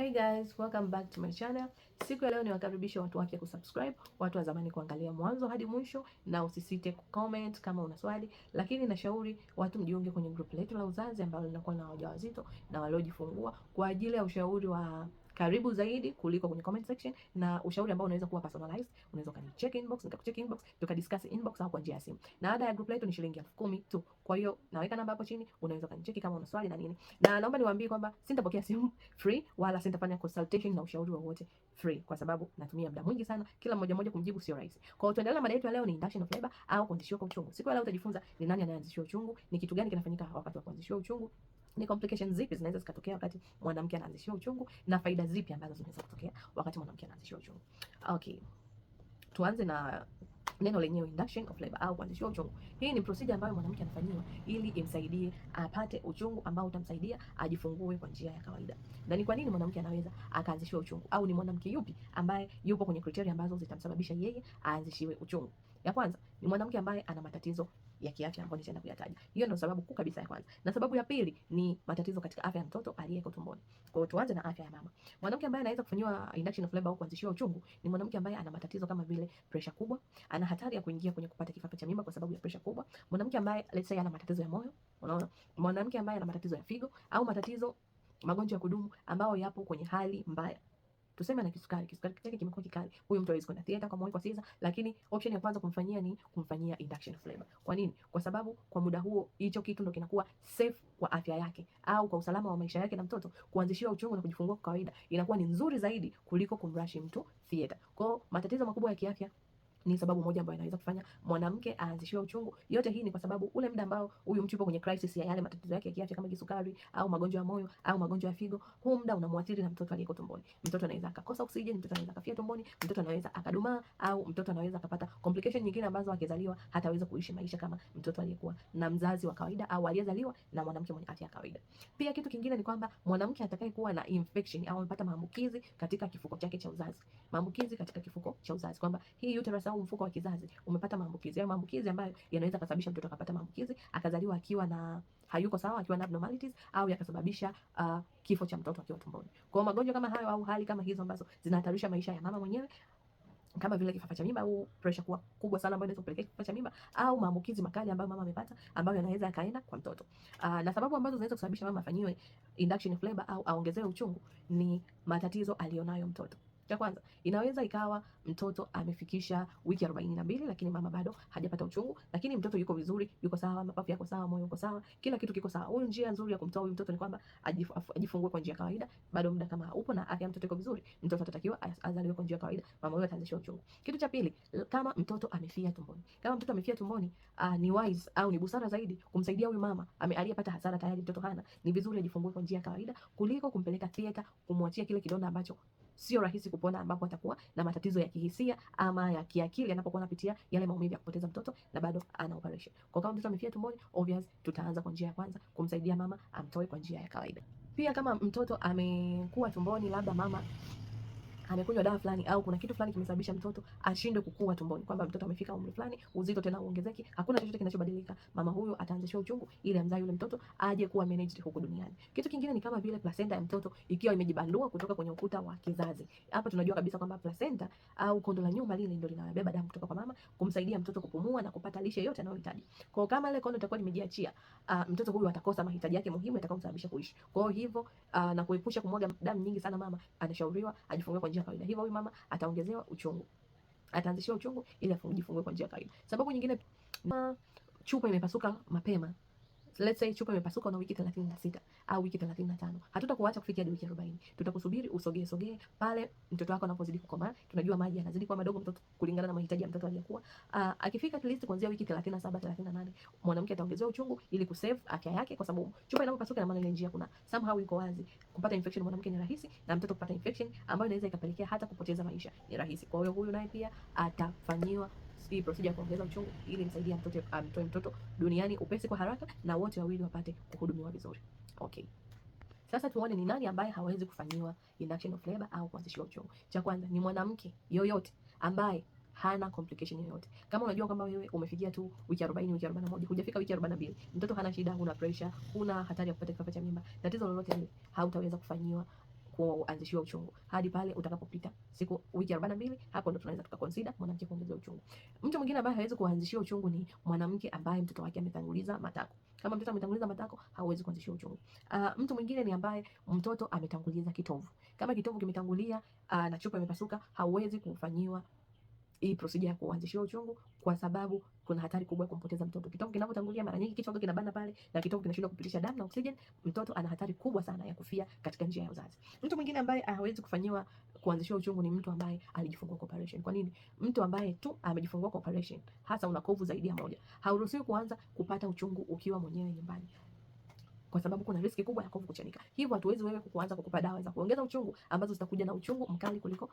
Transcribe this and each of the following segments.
Hey guys, welcome back to my channel. Siku ya leo niwakaribisha watu wapya kusubscribe, watu wa zamani kuangalia mwanzo hadi mwisho, na usisite kucomment kama una swali, lakini nashauri watu mjiunge kwenye group letu la uzazi ambalo linakuwa na wajawazito na waliojifungua kwa ajili ya ushauri wa karibu zaidi kuliko kwenye comment section, na ushauri ambao unaweza kuwa personalized, unaweza kani check inbox, nikakucheck inbox, tukadiscuss inbox au kwa njia ya simu. Na ada ya group letu ni shilingi elfu kumi tu. Kwa hiyo naweka namba hapo chini, unaweza kani check kama una swali na nini. Na naomba niwaambie kwamba sitapokea simu free wala sitafanya consultation na ushauri wowote free, kwa sababu natumia muda mwingi sana, kila mmoja mmoja kumjibu sio rahisi. Kwa hiyo tuendelee na mada yetu ya leo, ni induction of labor au kuanzishwa kwa uchungu. Siku ya leo utajifunza ni nani anayeanzishwa uchungu, ni kitu gani kinafanyika wakati wa kuanzishwa uchungu ni complications zipi zinaweza zikatokea wakati mwanamke anaanzishiwa uchungu na faida zipi ambazo zinaweza kutokea wakati mwanamke anaanzishiwa uchungu. Okay. Tuanze na neno lenyewe induction of labor au kuanzishiwa uchungu. Hii ni procedure ambayo mwanamke anafanyiwa ili imsaidie apate uchungu ambao utamsaidia ajifungue kwa njia ya kawaida. Na ni kwa nini mwanamke anaweza akaanzishiwa uchungu au ni mwanamke yupi ambaye yupo kwenye criteria ambazo zitamsababisha yeye aanzishiwe uchungu? Ya kwanza ni mwanamke ambaye ana matatizo ya kiafya ambayo nitaenda kuyataja. Hiyo ndio sababu kuu kabisa ya kwanza. Na sababu ya pili ni matatizo katika afya ya mtoto aliyeko tumboni. Kwa hiyo tuanze na afya ya mama. Mwanamke ambaye anaweza kufanyiwa induction of labor au kuanzishiwa uchungu ni mwanamke ambaye ana matatizo kama vile pressure kubwa, ana hatari ya kuingia kwenye kupata kifafa cha mimba kwa sababu ya pressure kubwa. Mwanamke ambaye let's say ana matatizo ya moyo, unaona? Mwanamke ambaye ana matatizo ya figo au matatizo magonjwa ya kudumu ambayo yapo kwenye hali mbaya tuseme ana kisukari, kisukari chake kimekuwa kikali, huyu mtu hawezi kwenda theater kwa moyo kwa siza, lakini option ya kwanza kumfanyia ni kumfanyia induction flavor. Kwa nini? Kwa sababu kwa muda huo hicho kitu ndo kinakuwa safe kwa afya yake au kwa usalama wa maisha yake na mtoto. Kuanzishiwa uchungu na kujifungua kwa kawaida inakuwa ni nzuri zaidi kuliko kumrashi mtu theater. Kwa matatizo makubwa ya kiafya ni sababu moja ambayo inaweza kufanya mwanamke aanzishiwe uchungu. Yote hii ni kwa sababu ule muda ambao huyu mtu yupo kwenye crisis ya yale matatizo yake ya kiafya kama kisukari au magonjwa ya moyo au magonjwa ya figo, huu muda unamwathiri na mtoto aliyeko tumboni. Mtoto anaweza akakosa oksijeni, mtoto anaweza akafia tumboni, mtoto anaweza akadumaa, au mtoto anaweza akapata complication nyingine ambazo akizaliwa hataweza kuishi maisha kama mtoto aliyekuwa na mzazi wa kawaida au aliyezaliwa na mwanamke mwenye afya ya kawaida. Pia kitu kingine ni kwamba mwanamke atakaye kuwa na infection au amepata maambukizi katika kifuko chake cha uzazi, maambukizi katika kifuko cha uzazi kwamba hii uterus sababu mfuko wa kizazi umepata maambukizi, hayo maambukizi ambayo yanaweza kusababisha mtoto akapata maambukizi akazaliwa akiwa na hayuko sawa, akiwa na abnormalities au yakasababisha uh, kifo cha mtoto akiwa tumboni. Kwa magonjwa kama hayo au hali kama hizo ambazo zinahatarisha maisha ya mama mwenyewe kama vile kifafa cha mimba au pressure kuwa kubwa sana ambayo inaweza kupelekea kifafa cha mimba au maambukizi makali ambayo mama amepata ambayo yanaweza yakaenda kwa mtoto. Uh, na sababu ambazo zinaweza kusababisha mama afanyiwe induction of labor au aongezewe uchungu ni matatizo alionayo mtoto. Cha kwanza inaweza ikawa mtoto amefikisha wiki arobaini na mbili lakini mama bado hajapata uchungu, lakini mtoto yuko vizuri, yuko sawa, mapafu yako sawa, moyo uko sawa, kila kitu kiko sawa. Huyu njia nzuri ya kumtoa huyu mtoto ni kwamba ajifungue kwa njia ya kawaida, bado muda kama upo na afya mtoto iko vizuri, mtoto atatakiwa azaliwe kwa njia ya kawaida, mama huyo ataanzisha uchungu. Kitu cha pili, kama mtoto amefia tumboni, kama mtoto amefia tumboni uh, ni wise au ni busara zaidi kumsaidia huyu mama aliyepata hasara tayari, mtoto hana, ni vizuri ajifungue kwa njia ya kawaida kuliko kumpeleka theater, kumwachia kile kidonda ambacho sio rahisi kupona, ambapo atakuwa na matatizo ya kihisia ama ya kiakili anapokuwa anapitia yale maumivu ya kupoteza mtoto na bado ana operation. Kwa kama mtoto amefia tumboni, obvious tutaanza kwa njia ya kwanza kumsaidia mama amtoe kwa njia ya kawaida. Pia kama mtoto amekuwa tumboni, labda mama amekunywa dawa fulani au kuna kitu fulani kimesababisha mtoto ashindwe kukua tumboni, kwamba mtoto amefika umri fulani, uzito tena uongezeki, hakuna chochote kinachobadilika, mama huyo ataanzishwa uchungu ili amzae yule mtoto aje kuwa managed huko duniani. Kitu kingine ni kama vile placenta ya mtoto ikiwa imejibandua kutoka kwenye ukuta wa kizazi. Hapa tunajua kabisa kwamba placenta au kondo la nyuma lile ndio linabeba damu kutoka kwa mama kumsaidia mtoto kupumua na kupata lishe yote anayohitaji. Kwa kama ile kondo itakuwa limejiachia, uh, mtoto huyu atakosa mahitaji yake muhimu yatakayomsababisha kuishi. Kwa hivyo uh, na kuepusha kumwaga damu nyingi sana, mama anashauriwa ajifungue kwa njia ya kawaida. Hivyo huyu mama ataongezewa uchungu, ataanzishiwa uchungu ili ajifungue kwa njia ya kawaida. Sababu nyingine, chupa imepasuka mapema, let's say chupa imepasuka na wiki 36 au wiki 35. Hatutakuacha kufikia hadi wiki 40. Tutakusubiri usogee sogee pale mtoto wako anapozidi kukomaa. Tunajua maji yanazidi kuwa madogo mtoto kulingana na mahitaji ya mtoto aliyokuwa. Uh, ah, akifika at least kuanzia wiki 37 38, mwanamke ataongezewa uchungu ili kusave afya yake, kwa sababu chupa inapopasuka na maana ile njia kuna somehow iko wazi. Kupata infection mwanamke ni rahisi na mtoto kupata infection ambayo inaweza ikapelekea hata kupoteza maisha ni rahisi. Kwa hiyo huyu naye pia atafanyiwa hii procedure ya kuongeza uchungu ili msaidie mtoto amtoe mtoto duniani upesi kwa haraka na wote wawili wapate kuhudumiwa vizuri. Okay. Sasa tuone ni nani ambaye hawezi kufanyiwa induction of labor au kuanzishiwa uchovu. Cha kwanza ni mwanamke yoyote ambaye hana complication yoyote. Kama unajua kwamba wewe umefikia tu wiki 40, wiki 41, hujafika wiki 42, mtoto hana shida, huna pressure, huna hatari ya kupata kifafa cha mimba, tatizo lolote lile, hautaweza kufanyiwa kuanzishiwa uchungu hadi pale utakapopita siku wiki 42. Hapo ndo tunaweza tukaconsider mwanamke kuongezwa uchungu. Mtu mwingine ambaye hawezi kuanzishiwa uchungu ni mwanamke ambaye mtoto wake ametanguliza matako. Kama mtoto ametanguliza matako, hauwezi kuanzishiwa uchungu. Uh, mtu mwingine ni ambaye mtoto ametanguliza kitovu. Kama kitovu kimetangulia uh, na chupa imepasuka, hauwezi kufanyiwa hii procedure ya kuanzishia uchungu, kwa sababu kuna hatari kubwa ya kumpoteza mtoto. Kitongo kinapotangulia, mara nyingi kichwa kinabana pale na kitongo kinashindwa kupitisha damu na oxygen, mtoto ana hatari kubwa sana ya kufia katika njia ya uzazi. Mtu mwingine ambaye hawezi kufanyiwa kuanzishia uchungu ni mtu ambaye alijifungua kwa operation. Kwa nini? Mtu ambaye tu amejifungua kwa operation, hasa una kovu zaidi ya moja, hauruhusiwi kuanza kupata uchungu ukiwa mwenyewe nyumbani kwa sababu kuna riski kubwa ya kovu kuchanika. Hivyo hatuwezi wewe kuanza kukupa dawa za kuongeza uchungu ambazo zitakuja na uchungu mkali kuliko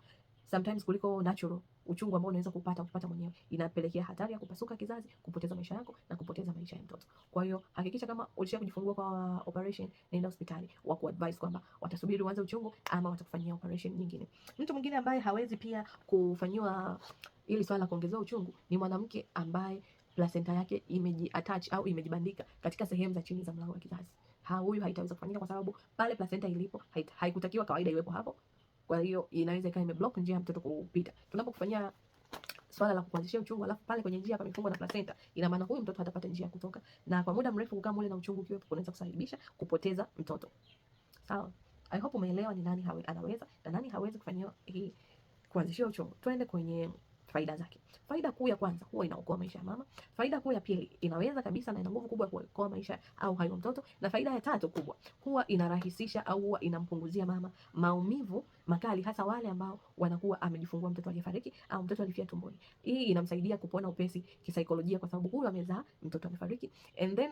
sometimes kuliko natural uchungu ambao unaweza kupata kupata mwenyewe. Inapelekea hatari ya kupasuka kizazi, kupoteza maisha yako na kupoteza maisha ya mtoto. Kwa hiyo hakikisha kama ulisha kujifungua kwa operation, nenda hospitali, wa ku advise kwamba watasubiri uanze uchungu ama watakufanyia operation nyingine. Mtu mwingine ambaye hawezi pia kufanyiwa ili swala la kuongezewa uchungu ni mwanamke ambaye placenta yake imejiattach au imejibandika katika sehemu za chini za mlango wa kizazi ha huyu haitaweza kufanyika kwa sababu pale placenta ilipo haikutakiwa kawaida iwepo hapo. Kwa hiyo inaweza ikawa imeblock njia ya mtoto kupita. Tunapokufanyia swala la kuanzishia uchungu alafu pale kwenye njia pamefungwa na placenta, ina maana huyu mtoto hatapata njia ya kutoka, na kwa muda mrefu kukaa mule na uchungu ukiwepo kunaweza kusababisha kupoteza mtoto. Sawa, I hope umeelewa ni nani hawe, anaweza na nani hawezi kufanyiwa hii kuanzishia uchungu. Twende kwenye faida zake. Faida kuu ya kwanza huwa inaokoa maisha ya mama. Faida kuu ya pili inaweza kabisa na ina nguvu kubwa kuokoa maisha au hayo mtoto, na faida ya tatu kubwa huwa inarahisisha au huwa inampunguzia mama maumivu makali, hasa wale ambao wanakuwa amejifungua mtoto aliyefariki au mtoto alifia tumboni. Hii inamsaidia kupona upesi kisaikolojia, kwa sababu huyo amezaa mtoto amefariki and then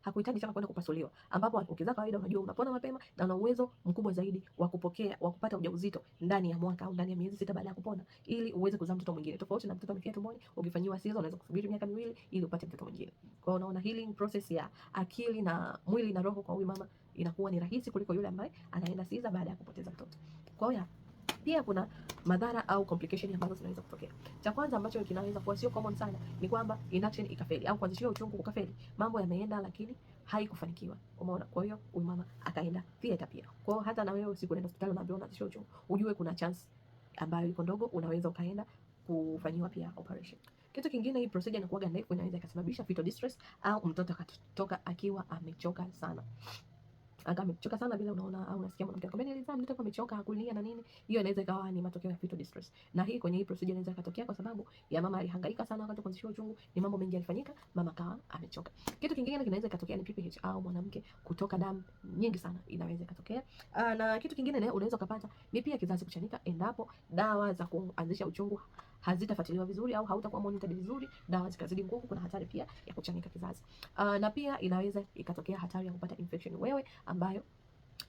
hakuhitaji haku kwenda kupasuliwa, ambapo ukizaa kawaida unajua unapona mapema na una uwezo mkubwa zaidi wa kupokea wa kupata ujauzito ndani ya mwaka au ndani ya miezi sita baada ya kupona, ili uweze kuzaa mtoto mwingine tofauti na mtoto amefikia tumboni. Ukifanyiwa sizo, unaweza kusubiri miaka miwili ili upate mtoto mwingine. Kwa hiyo unaona healing process ya akili na mwili na roho kwa huyu mama inakuwa ni rahisi kuliko yule ambaye anaenda siza baada ya kupoteza mtoto. Kwa hiyo pia kuna madhara au complication ambazo zinaweza kutokea. Cha kwanza ambacho kinaweza kuwa sio common sana ni kwamba induction ikafeli au kuanzishiwa uchungu ukafeli. Mambo yameenda lakini haikufanikiwa. Umeona? Kwa hiyo huyu mama akaenda theater pia. Kwa hiyo hata na wewe usiku unaenda hospitali unaambiwa unaanzishiwa uchungu, ujue kuna chance ambayo iko ndogo, unaweza ukaenda kufanyiwa pia operation. Kitu kingine, hii procedure inakuwa ndefu, inaweza ikasababisha fetal distress au mtoto akatoka akiwa amechoka sana anga amechoka sana vile unaona au unasikia mwanamke akwambia nilizaa mtoto kwa amechoka kulia na nini, hiyo inaweza ikawa ni matokeo ya fetal distress. Na hii kwenye hii procedure inaweza katokea kwa sababu ya mama alihangaika sana wakati kuanzisha uchungu, ni mambo mengi yalifanyika, mama kawa amechoka. Kitu kingine kinaweza katokea ni PPH au mwanamke kutoka damu nyingi sana, inaweza katokea. Ah, na kitu kingine unaweza kupata ni pia kizazi kuchanika endapo dawa za kuanzisha uchungu hazitafuatiliwa vizuri au hautakuwa monitored vizuri, dawa zikazidi nguvu, kuna hatari pia ya kuchanika kizazi. Uh, na pia inaweza ikatokea hatari ya kupata infection wewe ambayo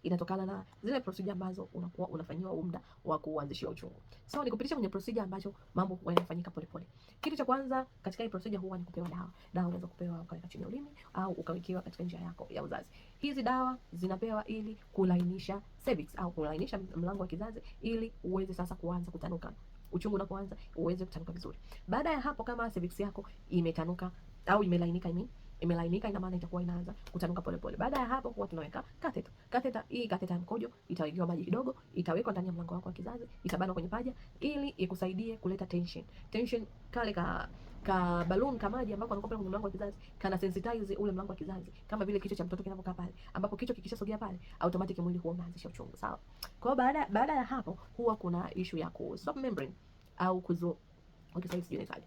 inatokana na zile procedure ambazo unakuwa unafanyiwa muda wa kuanzishia uchungu. So nikupitisha kwenye procedure ambacho mambo huwa yanafanyika polepole. Kitu cha kwanza katika hii procedure huwa ni kupewa dawa. Dawa unaweza kupewa ukaweka chini ya ulimi au ukawekewa katika njia yako ya uzazi. Hizi dawa zinapewa ili kulainisha cervix au kulainisha mlango wa kizazi ili uweze sasa kuanza kutanuka uchungu unapoanza uweze kutanuka vizuri. Baada ya hapo, kama cervix yako imetanuka au imelainika ime imelainika ina maana itakuwa inaanza kutanuka polepole. Baada ya hapo huwa tunaweka catheter. Catheter hii catheter ya mkojo itawekewa maji kidogo, itawekwa ndani ya mlango wako wa kizazi, itabanwa kwenye paja ili ikusaidie kuleta tension. Tension kale ka ka balloon ka maji ambako anakopa kwenye mlango wa kizazi, kana sensitize ule mlango wa kizazi, kama vile kichwa cha mtoto kinavyokaa pale, ambapo kichwa kikishasogea pale automatic mwili huwa unaanzisha uchungu, sawa? Kwa baada baada ya hapo huwa kuna issue ya ku stop membrane au kuzo, sijui inaitwaje,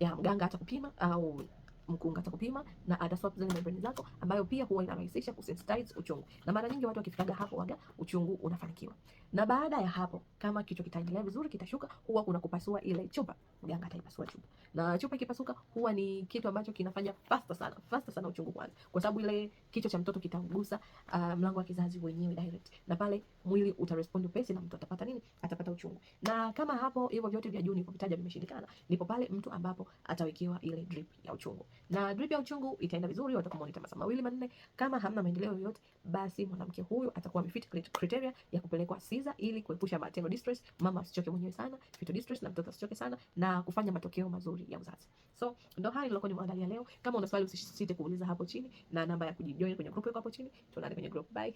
ya mganga atakupima au mkunga atakupima na ataswap zile membrane zako, ambayo pia huwa inarahisisha kusensitize uchungu, na mara nyingi watu wakifikaga hapo waga uchungu unafanikiwa. Na baada ya hapo, kama kichwa kitaendelea vizuri, kitashuka, huwa kuna kupasua ile chupa. Mganga ataipasua chupa, na chupa ikipasuka huwa ni kitu ambacho kinafanya fasta sana, fasta sana uchungu kwanza, kwa sababu ile kichwa cha mtoto kitagusa uh, mlango wa kizazi wenyewe direct, na pale mwili utarespond upesi, na mtu atapata nini? Atapata uchungu. Na kama hapo hivyo vyote vya juu nilipovitaja vimeshindikana, nipo pale mtu ambapo atawekewa ile drip ya uchungu na drip ya uchungu itaenda vizuri, watakumonitor masaa mawili manne. Kama hamna maendeleo yoyote, basi mwanamke huyu atakuwa amefit criteria ya kupelekwa siza, ili kuepusha maternal distress, mama asichoke mwenyewe sana, fetal distress, na mtoto asichoke sana, na kufanya matokeo mazuri ya uzazi. So ndo hayo nilikuwa nimeandalia leo. Kama una swali usisite kuuliza hapo chini, na namba ya kujijoin kwenye group iko hapo chini. Tuonane kwenye group, bye.